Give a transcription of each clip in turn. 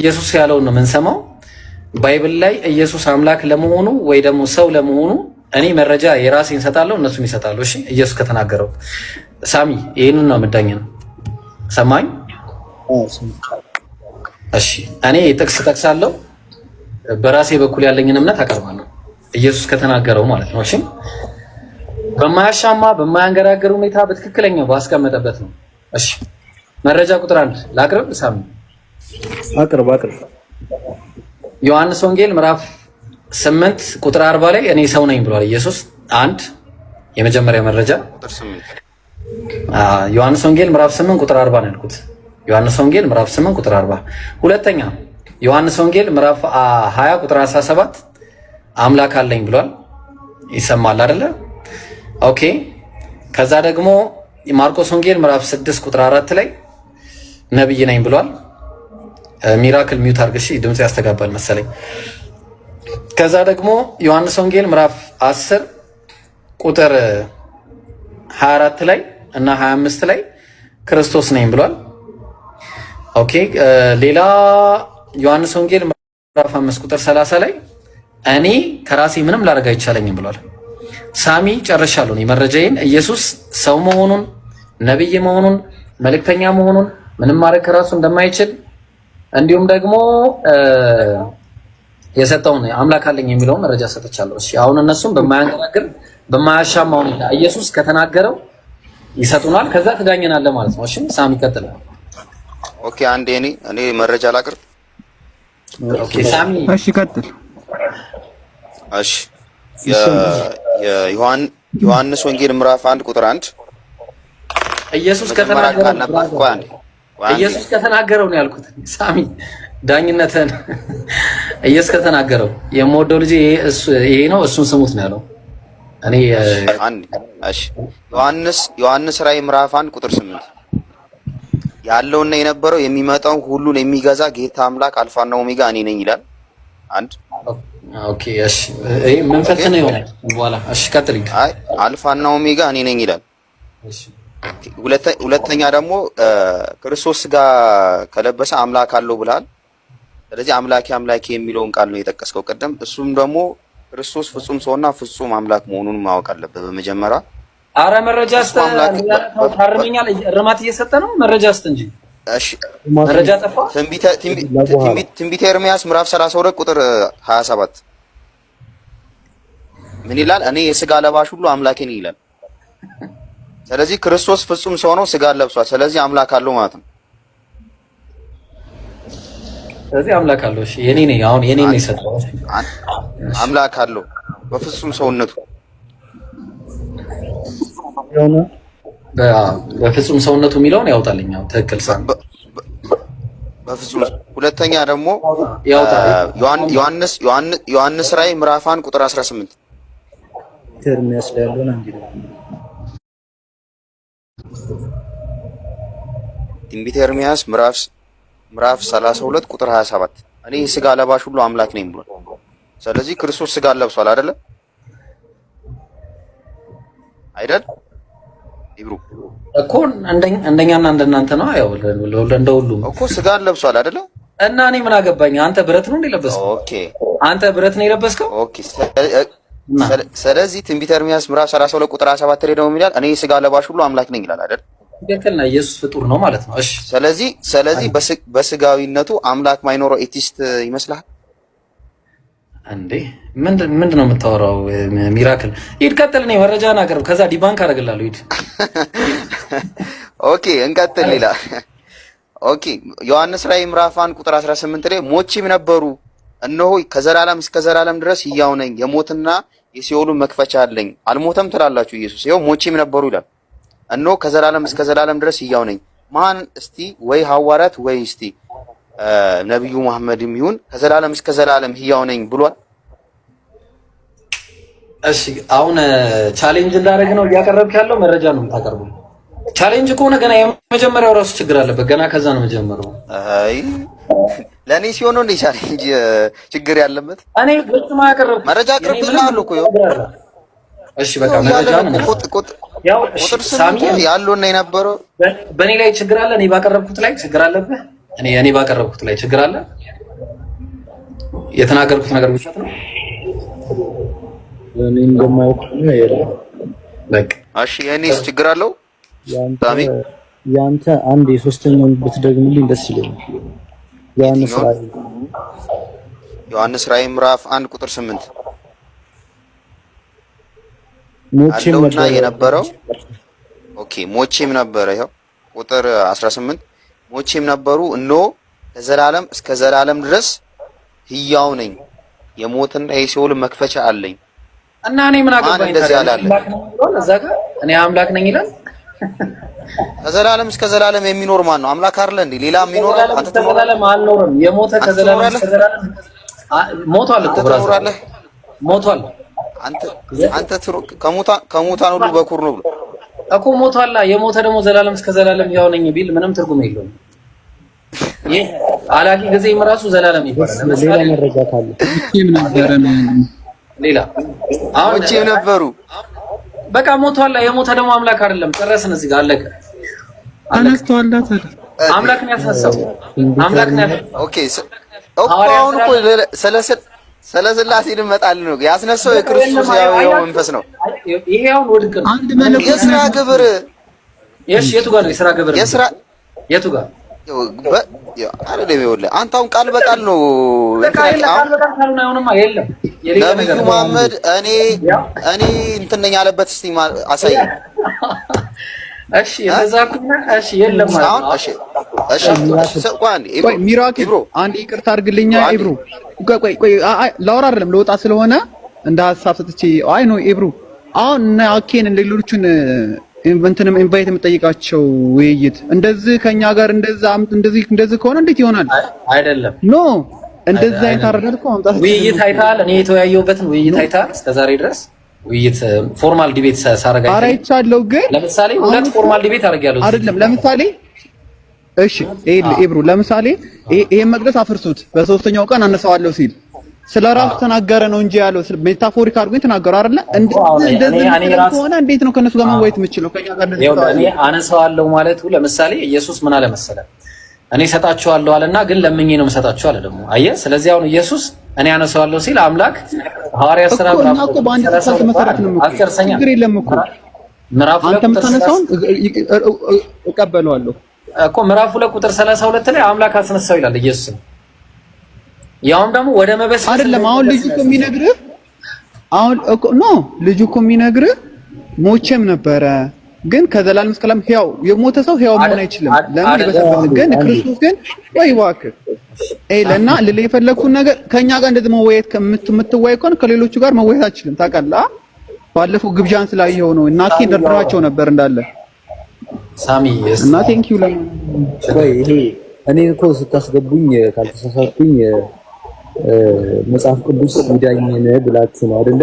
ኢየሱስ ያለውን ነው የምንሰማው። ባይብል ላይ ኢየሱስ አምላክ ለመሆኑ ወይ ደግሞ ሰው ለመሆኑ እኔ መረጃ የራሴን እንሰጣለሁ እነሱም ይሰጣሉ። እሺ ኢየሱስ ከተናገረው ሳሚ ይህንን ነው የምዳኝ ነው ሰማኝ። እሺ እኔ ጥቅስ ጠቅሳለሁ፣ በራሴ በኩል ያለኝን እምነት አቀርባለሁ። ኢየሱስ ከተናገረው ማለት ነው። እሺ በማያሻማ በማያንገራገር ሁኔታ በትክክለኛው ባስቀመጠበት ነው። እሺ መረጃ ቁጥር አንድ ላቅርብ ሳሚ አቅርብ አቅርብ። ዮሐንስ ወንጌል ምዕራፍ ስምንት ቁጥር አርባ ላይ እኔ ሰው ነኝ ብሏል ኢየሱስ። አንድ የመጀመሪያ መረጃ ዮሐንስ ወንጌል ምዕራፍ ስምንት ቁጥር አርባ ነው ያልኩት። ዮሐንስ ወንጌል ምዕራፍ ስምንት ቁጥር አርባ ሁለተኛ ዮሐንስ ወንጌል ምዕራፍ ሀያ ቁጥር አስራ ሰባት አምላክ አለኝ ብሏል። ይሰማል አይደለ? ኦኬ። ከዛ ደግሞ ማርቆስ ወንጌል ምዕራፍ ስድስት ቁጥር አራት ላይ ነብይ ነኝ ብሏል። ሚራክል ሚውት አድርገሽ ድምፅ ያስተጋባል መሰለኝ። ከዛ ደግሞ ዮሐንስ ወንጌል ምዕራፍ 10 ቁጥር 24 ላይ እና 25 ላይ ክርስቶስ ነኝ ብሏል። ኦኬ። ሌላ ዮሐንስ ወንጌል ምዕራፍ 5 ቁጥር 30 ላይ እኔ ከራሴ ምንም ላደርግ አይቻለኝም ብሏል። ሳሚ ጨርሻለሁ፣ መረጃዬን ኢየሱስ ሰው መሆኑን ነብይ መሆኑን መልእክተኛ መሆኑን ምንም ማድረግ ከራሱ እንደማይችል እንዲሁም ደግሞ የሰጠውን አምላክ አለኝ የሚለውን መረጃ ሰጥቻለሁ። እሺ አሁን እነሱም በማያንገራግር በማያሻማ ሁኔታ ኢየሱስ ከተናገረው ይሰጡናል፣ ከዛ ትዳኘናለህ ማለት ነው። እሺ ሳም ይቀጥላል። ኦኬ አንዴ እኔ እኔ መረጃ ላቅርብ። ኦኬ ሳሚ፣ እሺ ቀጥል። እሺ የዮሐንስ ወንጌል ምዕራፍ አንድ ቁጥር አንድ ኢየሱስ ከተናገረው ኢየሱስ ከተናገረው ነው ያልኩት። ሳሚ ዳኝነትን ኢየሱስ ከተናገረው የምወደው ልጅ ይሄ ነው እሱን ስሙት ነው ያለው። እኔ እሺ ዮሐንስ ዮሐንስ ራእይ ምዕራፍ አንድ ቁጥር ስምንት ያለውና የነበረው የሚመጣው ሁሉን የሚገዛ ጌታ አምላክ አልፋና ኦሜጋ እኔ ነኝ ይላል። አንድ ኦኬ እሺ፣ ይሄ መንፈስ ነው ይሆናል። በኋላ እሺ፣ ቀጥል። አልፋና ኦሜጋ እኔ ነኝ ይላል። እሺ ሁለተኛ ደግሞ ክርስቶስ ስጋ ከለበሰ አምላክ አለው ብላል። ስለዚህ አምላኪ አምላኪ የሚለውን ቃል ነው የጠቀስከው ቅድም። እሱም ደግሞ ክርስቶስ ፍጹም ሰውና ፍጹም አምላክ መሆኑን ማወቅ አለበት በመጀመሪያ። አረ መረጃ ታርመኛል። እርማት እየሰጠ ነው። መረጃ ስጥ እንጂ መረጃ ጠፋ። ትንቢተ ኤርምያስ ምዕራፍ 32 ቁጥር 27 ምን ይላል? እኔ የስጋ ለባሽ ሁሉ አምላኬ ነኝ ይላል። ስለዚህ ክርስቶስ ፍጹም ሰው ነው፣ ስጋ ለብሷል። ስለዚህ አምላክ አለው ማለት ነው። ስለዚህ አምላክ አለው። እሺ የኔ ነኝ አሁን የኔ ነኝ ሰጠው አምላክ አለው በፍጹም ሰውነቱ በፍጹም ሰውነቱ የሚለውን ያውጣልኝ። አሁን ትክክል በፍጹም ሁለተኛ ደግሞ ዮሐንስ ዮሐንስ ራእይ ምዕራፍ አንድ ቁጥር 18 ትንቢተ ኤርምያስ ምዕራፍ ምዕራፍ 32 ቁጥር 27 እኔ ስጋ ለባሽ ሁሉ አምላክ ነኝ ብሏል። ስለዚህ ክርስቶስ ስጋ ለብሷል አይደለ? አይደል? ይብሩ እኮ አንደኛና እንደናንተ ነው። ያው እንደ ሁሉም እኮ ስጋ ለብሷል አይደለ? እና እኔ ምን አገባኝ? አንተ ብረት ነው የለበስከው። ኦኬ አንተ ብረት ነው የለበስከው። ኦኬ ስለዚህ ትንቢተ ኤርምያስ ምዕራፍ 32 ቁጥር 17 ላይ ደግሞ የሚላል እኔ ስጋ ለባሽ ሁሉ አምላክ ነኝ ይላል አይደል? ትክክል ኢየሱስ ፍጡር ነው ማለት ነው። እሺ፣ ስለዚህ ስለዚህ በስጋዊነቱ አምላክ ማይኖረው ኤቲስት ይመስላል እንዴ? ምንድን ነው የምታወራው? ሚራክል ሂድ፣ ቀጥል። እኔ መረጃን አቅርብ፣ ከዛ ዲባንክ አደርግላለሁ። ሂድ። ኦኬ፣ እንቀጥል። ሌላ ኦኬ፣ ዮሐንስ ራዕይ ምዕራፍ 1 ቁጥር 18 ላይ ሞችም ነበሩ እነሆ ከዘላለም እስከ ዘላለም ድረስ ሕያው ነኝ የሞትና የሲኦሉን መክፈቻ አለኝ። አልሞተም ትላላችሁ፣ ኢየሱስ ይኸው ሞቼም ነበሩ ይላል። እነሆ ከዘላለም እስከ ዘላለም ድረስ ሕያው ነኝ። ማን እስቲ ወይ ሐዋርያት ወይ እስቲ ነቢዩ መሐመድም ይሁን ከዘላለም እስከ ዘላለም ሕያው ነኝ ብሏል። እሺ አሁን ቻሌንጅ እንዳደረግ ነው እያቀረብክ ያለው መረጃ ነው የምታቀርቡ። ቻሌንጅ ከሆነ ገና የመጀመሪያው ራሱ ችግር አለበት። ገና ከዛ ነው መጀመሪያው። አይ ለእኔ ሲሆን ነው ይሻል እንጂ ችግር ያለበት እኔ ፍጹም አቀረብኩ። መረጃ አቅርብና አሉ እኮ እሺ በቃ መረጃ ቁጥ ቁጥ ቁጥር ሳሚ ያሉ እና የነበረው በእኔ ላይ ችግር አለ። እኔ ባቀረብኩት ላይ ችግር አለብህ። እኔ እኔ ባቀረብኩት ላይ ችግር አለ። የተናገርኩት ነገር ብቻ ነው። እኔ እንደማውቅ ነው ያለ በቃ እሺ። የእኔስ ችግር አለው? ያንተ አንድ የሶስተኛውን ብትደግምልኝ ደስ ይለኛል። ዮሐንስ ራእይ ምዕራፍ አንድ ቁጥር ስምንት አለውና የነበረው ኦኬ ሞቼም ነበረ። ይኸው ቁጥር 18 ሞቼም ነበሩ፣ እኖ ለዘላለም እስከ ዘላለም ድረስ ህያው ነኝ፣ የሞትና የሲኦል መክፈቻ አለኝ። እና እኔ ምን አገባኝ ታዲያ? እኔ አምላክ ነኝ ይላል ከዘላለም እስከ ዘላለም የሚኖር ማን ነው? አምላክ አይደለ እንዴ? ሌላ የሚኖር አንተ ከዘላለም አልኖርም። የሞተ ከዘላለም እስከ ዘላለም ሞቷል እኮ ብራዘር፣ ሞቷል። አንተ አንተ ከሞታ ከሙታን ሁሉ በኩር ነው ብሎ እኮ ሞቷላ። የሞተ ደግሞ ዘላለም እስከ ዘላለም ያው ነኝ ቢል ምንም ትርጉም የለውም። ይሄ አላቂ ጊዜም ራሱ ዘላለም ይባላል። ካለ ለምሳሌ ሌላ አሁን ነበሩ በቃ ሞቷል። የሞተ ደግሞ አምላክ አይደለም። ጨረስን። እዚህ ጋር አለቀ። አነስተዋል። አምላክ ነው ያሳሰበው። አምላክ ነው ኦኬ ኦኬ። አሁን እኮ ስለ ስላሴ እንመጣለን ነው ያስነሳው የክርስቶስ ያው መንፈስ ነው። ይሄ አሁን ወድቅ ነው። የስራ ግብር የሽ የቱ ጋር ነው? የስራ ግብር የስራ የቱ ጋር አንተ አሁን ቃል በቃል ነው ነብዩ መሐመድ እኔ እኔ እንትን ነኝ ያለበት። እስቲ አሳይ። እሺ ሚራክል አንድ ይቅርታ አድርግልኛ ኢብሩ። ቆይ ቆይ ላወራ አይደለም ለወጣ ስለሆነ እንደ ሀሳብ ሰጥቼ አይ ነው ኢብሩ አሁን አኬን ሌሎቹን እንትንም ኢንቫይት የምጠይቃቸው ውይይት እንደዚህ ከኛ ጋር እንደዚህ አምጥ እንደዚህ እንደዚህ ከሆነ እንዴት ይሆናል? አይደለም ኖ እንደዚህ አይነት አረዳድ እኮ አምጣት። ውይይት አይታል። እኔ የተወያየሁበትን ውይይት አይታል። እስከዛሬ ድረስ ውይይት ፎርማል ዲቤት ሳረጋ አይቻለሁ። ግን ለምሳሌ ሁለት ፎርማል ዲቤት አድርጌያለሁ። አይደለም ለምሳሌ እሺ፣ ኤል ኤብሩ ለምሳሌ ይሄን መቅደስ አፍርሱት በሶስተኛው ቀን አነሳዋለሁ ሲል ስለ ራሱ ተናገረ ነው እንጂ ያለው ሜታፎሪክ አድርጎ ተናገረ አይደለ? ከሆነ እንዴት ነው ከነሱ ጋር መወያየት የምችለው? እኔ አነሳዋለሁ ማለቱ ለምሳሌ ኢየሱስ ምን አለ መሰለ፣ እኔ እሰጣችኋለሁ አለና ግን ለምኜ ነው የምሰጣችሁ አለ ደግሞ። አየህ፣ ስለዚህ አሁን ኢየሱስ እኔ አነሳዋለሁ ሲል አምላክ ሐዋርያ ስራ መሰረት ነው ለምኩ ምራፍ አንተ የምታነሳውን እቀበለዋለሁ እኮ ምራፍ ሁለት ቁጥር 32 ላይ አምላክ አስነሳው ይላል ኢየሱስ ያውም ደግሞ ወደ መበስ አይደለም። አሁን ልጁ እኮ የሚነግርህ አሁን እኮ ኖ ልጁ እኮ የሚነግርህ ሞቼም ነበረ፣ ግን ከዘላለም እስከ ዓለም ያው የሞተ ሰው ያው መሆን አይችልም። ለምን ይበሰበስ ግን ክርስቶስ ግን ወይ እባክህ ኤ ለና ልልህ የፈለግኩን ነገር ከኛ ጋር እንደዚህ መወያየት ከምትወያይ ከሆነ ከሌሎቹ ጋር መወያየት አችልም። ታውቃለህ፣ ባለፈው ግብዣን ስላየኸው ነው። እናቴ ደርድሯቸው ነበር እንዳለ ሳሚ እና ዩ ለምን ወይ ይሄ እኔ እኮ ስታስገቡኝ ካልተሳሳትኩኝ መጽሐፍ ቅዱስ ይዳኝን ብላችሁ ነው አይደለ?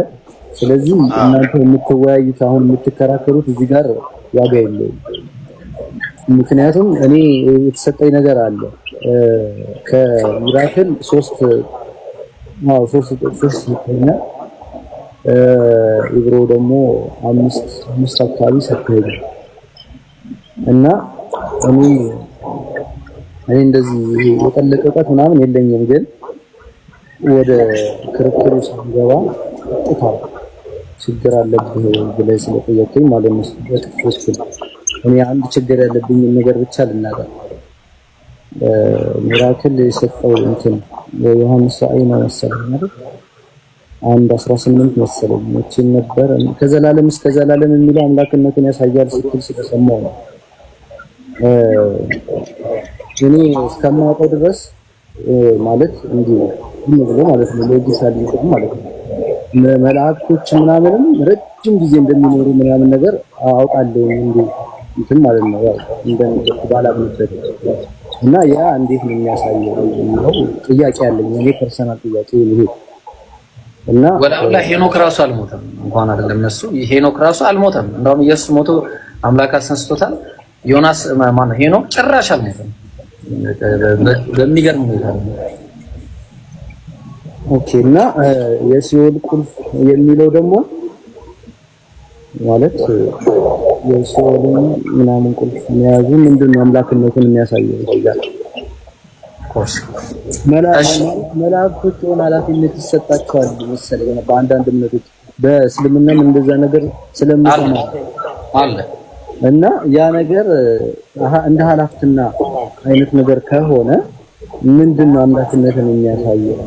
ስለዚህ እናንተ የምትወያዩት አሁን የምትከራከሩት እዚህ ጋር ዋጋ የለውም። ምክንያቱም እኔ የተሰጠኝ ነገር አለ ከሚራክል ሶስት ሶስት ኢብሮ ደግሞ አምስት አምስት አካባቢ ሰጥተኝ እና እኔ እኔ እንደዚህ የጠለቀ እውቀት ምናምን የለኝም ግን ወደ ክርክሩ ስንገባ ጥታ ችግር አለብህ ብለህ ስለጠየቀኝ ማለት ነው። በጥቅሶች እኔ አንድ ችግር ያለብኝ ነገር ብቻ ልናገር። ሚራክል የሰጠው እንትን የዮሐንስ ራእይ ነው መሰለኝ አይደል? አንድ 18 መሰለኝ እቺን ነበር ከዘላለም እስከ ዘላለም የሚለው አምላክነትን ያሳያል ስትል ስለሰማው ነው። እኔ እስከማውቀው ድረስ ማለት እንዲህ ነው ዝም ብሎ ማለት ነው ሎጂካል ይሆን ማለት ነው መላእክቶች ምናምንም ረጅም ጊዜ እንደሚኖሩ ምናምን ነገር አውቃለሁ እንዴ እንትን ማለት ነው ያው እንደምትል ባላምንበት እና ያ እንዴት ነው የሚያሳየው የሚለው ጥያቄ አለኝ እኔ ፐርሰናል ጥያቄ ይሄ እና ወላላ ሄኖክ ራሱ አልሞተም እንኳን አይደለም እሱ ሄኖክ ራሱ አልሞተም እንደውም ኢየሱስ ሞቶ አምላክ አስነስቶታል ዮናስ ማነው ሄኖክ ጭራሽ አልሞተም በሚገርም ሁኔታ ኦኬ እና የሲኦል ቁልፍ የሚለው ደግሞ ማለት የሲኦልን ምናምን ቁልፍ መያዙ ምንድን ነው አምላክነቱን የሚያሳየው ይላል። ኮርስ መላእክቶች የሆነ ኃላፊነት ይሰጣቸዋል መሰለኝ በአንዳንድ እምነቶች፣ በእስልምናም እንደዛ ነገር ስለምሰማ አለ እና ያ ነገር እንደ ኃላፊትና አይነት ነገር ከሆነ ምንድን ነው አምላክነትን የሚያሳየው?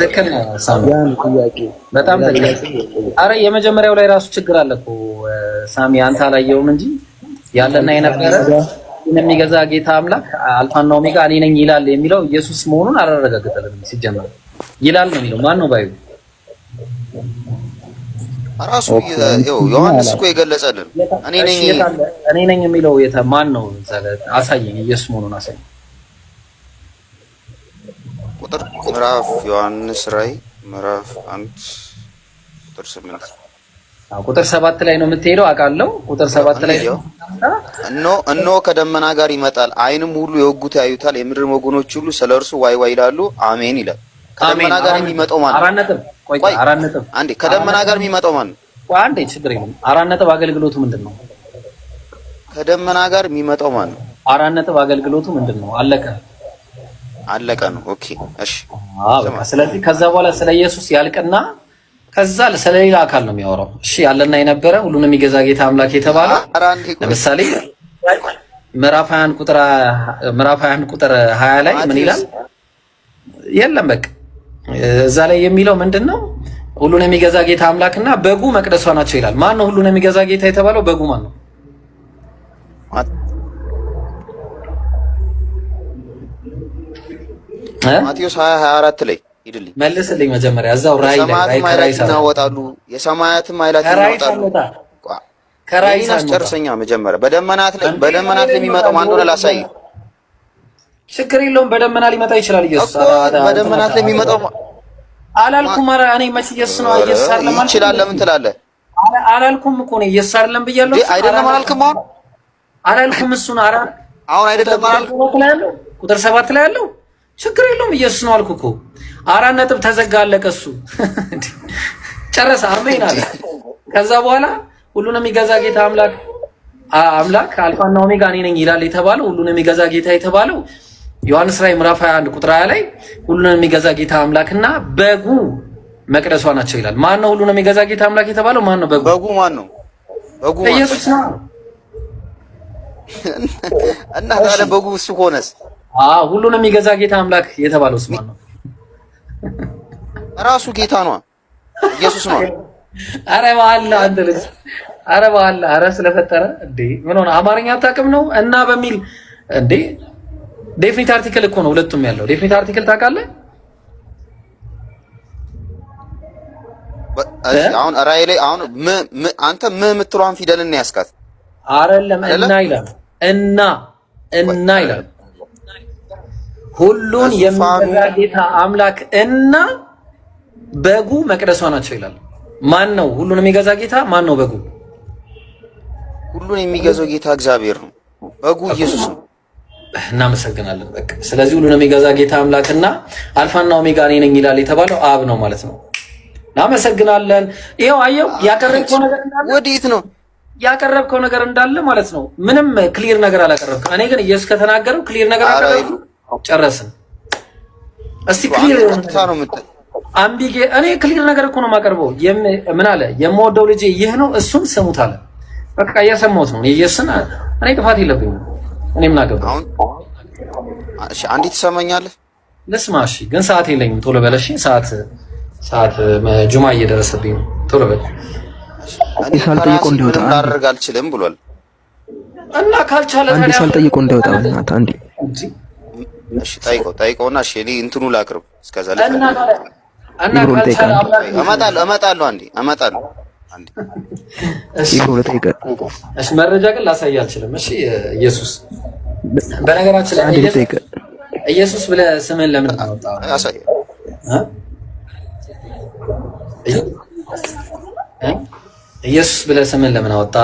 ትክክል ጥያቄ በጣም አረ የመጀመሪያው ላይ ራሱ ችግር አለ እኮ ሳሚ፣ አንተ አላየውም እንጂ ያለና የነበረ የሚገዛ ጌታ አምላክ አልፋና ኦሜጋ እኔ ነኝ ይላል የሚለው ኢየሱስ መሆኑን አላረጋግጠልም። ሲጀመር ይላል ነው የሚለው ማን ነው ባዩ ራሱ ዮሐንስ እኮ የገለጸልን እኔ ነኝ እኔ ነኝ የሚለው ማን ነው? አሳየኝ፣ ኢየሱስ መሆኑን አሳየኝ። ምዕራፍ ዮሐንስ ራይ ምዕራፍ አንድ ቁጥር ስምንት ቁጥር ሰባት ላይ ነው የምትሄደው አውቃለሁ። ቁጥር ሰባት ላይ እነሆ እነሆ ከደመና ጋር ይመጣል፣ አይንም ሁሉ የወጉት ያዩታል፣ የምድር ወገኖች ሁሉ ስለ እርሱ ዋይ ዋይ ይላሉ። አሜን ይላል። ከደመና ጋር የሚመጣው ማለት ነው። አንዴ ከደመና ጋር የሚመጣው ማለት ነው። አንዴ ችግር የለም። አራት ነጥብ አገልግሎቱ ምንድን ነው? ከደመና ጋር የሚመጣው ማለት ነው። አራት ነጥብ አገልግሎቱ ምንድን ነው? አለቀ። አለቀ ነው። ኦኬ እሺ። ስለዚህ ከዛ በኋላ ስለ ኢየሱስ ያልቅና ከዛ ስለሌላ አካል ነው የሚያወራው። እሺ ያለና የነበረ ሁሉንም የሚገዛ ጌታ አምላክ የተባለ ለምሳሌ ምዕራፍ 21 ቁጥር ቁጥር 20 ላይ ምን ይላል? የለም በቃ እዛ ላይ የሚለው ምንድነው? ሁሉን የሚገዛ ጌታ አምላክና በጉ መቅደሷ ናቸው ይላል። ማን ነው ሁሉን የሚገዛ ጌታ የተባለው? በጉ ማን ነው? ማቴዎስ 20 24 ላይ ሂድልኝ መልስልኝ። መጀመሪያ እዛው ራይ ላይ ራይ ይናወጣሉ፣ የሰማያትም ኃይላት ይናወጣሉ። ከራይ አስጨርሰኛ መጀመሪያ በደመናት ላይ በደመናት ላይ የሚመጣው ማን እንደሆነ ላሳይ። ችግር የለውም። በደመና ሊመጣ ይችላል። ኢየሱስ በደመናት ላይ የሚመጣው አላልኩም። ኧረ እኔ መች ኢየሱስ ነው ኢየሱስ አይደለም ይችላል። ለምን ትላለህ? አላልኩም እኮ ነው ኢየሱስ አይደለም ብያለሁ። አይደለም አላልክም። አሁን አላልኩም። እሱን አራ አሁን አይደለም አላልኩም። ቁጥር ሰባት ላይ ያለው ችግር የለውም። ኢየሱስ ነው አልኩ እኮ አራት ነጥብ ተዘጋ፣ አለቀ። እሱ ጨረሰ፣ አሜን አለ። ከዛ በኋላ ሁሉን የሚገዛ ጌታ አምላክ አምላክ አልፋና ኦሜጋ እኔ ነኝ ይላል የተባለው ሁሉን የሚገዛ ጌታ የተባለው ዮሐንስ ራዕይ ምዕራፍ 21 ቁጥር 20 ላይ ሁሉን የሚገዛ ጌታ አምላክና በጉ መቅደሷ ናቸው ይላል። ማን ነው ሁሉን የሚገዛ ጌታ አምላክ የተባለው? ማን ነው? በጉ በጉ ማን ነው? በጉ ኢየሱስ ነው እና ታዲያ በጉ እሱ ሆነስ ሁሉንም የሚገዛ ጌታ አምላክ የተባለው ስም ነው። ራሱ ጌታ ነው ኢየሱስ ነው። አረ ባላ አንተ ልጅ አረ ባላ አረ ስለፈጠረ እንዴ ምን ሆነ? አማርኛ አታውቅም ነው እና በሚል እንዴ ዴፊኒት አርቲክል እኮ ነው ሁለቱም ያለው። ዴፊኒት አርቲክል ታውቃለህ? አሁን ራይ ላይ አሁን ም አንተ ም የምትለዋን ፊደል እና ያስካት አይደለም እና ይላል እና እና ይላል ሁሉን የሚገዛ ጌታ አምላክ እና በጉ መቅደሷ ናቸው ይላል። ማን ነው ሁሉን የሚገዛ ጌታ? ማን ነው በጉ? ሁሉን የሚገዛው ጌታ እግዚአብሔር ነው። በጉ ኢየሱስ ነው። እናመሰግናለን። በቃ ስለዚህ ሁሉን የሚገዛ ጌታ አምላክና አልፋና ኦሜጋ እኔ ነኝ ይላል የተባለው አብ ነው ማለት ነው። እናመሰግናለን። ይኸው አየው ያቀረብከው ነገር እንዳለ ወዴት ነው ያቀረብከው ነገር እንዳለ ማለት ነው። ምንም ክሊር ነገር አላቀረብከው። እኔ ግን ኢየሱስ ከተናገረው ክሊር ነገር አቀረብኩ። ጨረስን። እስቲ ክሊር አምቢጌ እኔ ክሊር ነገር እኮ ነው የማቀርበው። ምን አለ የምወደው ልጄ ይህ ነው እሱን ስሙት አለ። በቃ እያሰማሁት ነው የየስን እኔ ጥፋት የለብኝም። እኔ ምን አገባሁ? እሺ አንዲት ትሰማኛለህ? ልስማ። እሺ ግን ሰዓት የለኝም። ቶሎ በለሽ። ሰዓት ሰዓት ጁማ እየደረሰብኝ ነው። ቶሎ በል። እኔ ሳልጠይቀው እንዲወጣ አልችልም ብሏል እና ካልቻለ ታዲያ አንዴ ሳልጠይቀው እንዲወጣ አንዴ እሺ ጠይቀው ጠይቀውና፣ እሺ እኔ እንትኑ ላቅርብ። እስከዛ ላይ እመጣለሁ እመጣለሁ። አንዴ እመጣለሁ አንዴ። እሺ መረጃ ግን ላሳይ አልችልም። እሺ ኢየሱስ፣ በነገራችን ላይ ኢየሱስ ብለህ ስምህን ለምን አወጣው? አሳይ ኢየሱስ ብለህ ስምህን ለምን አወጣ?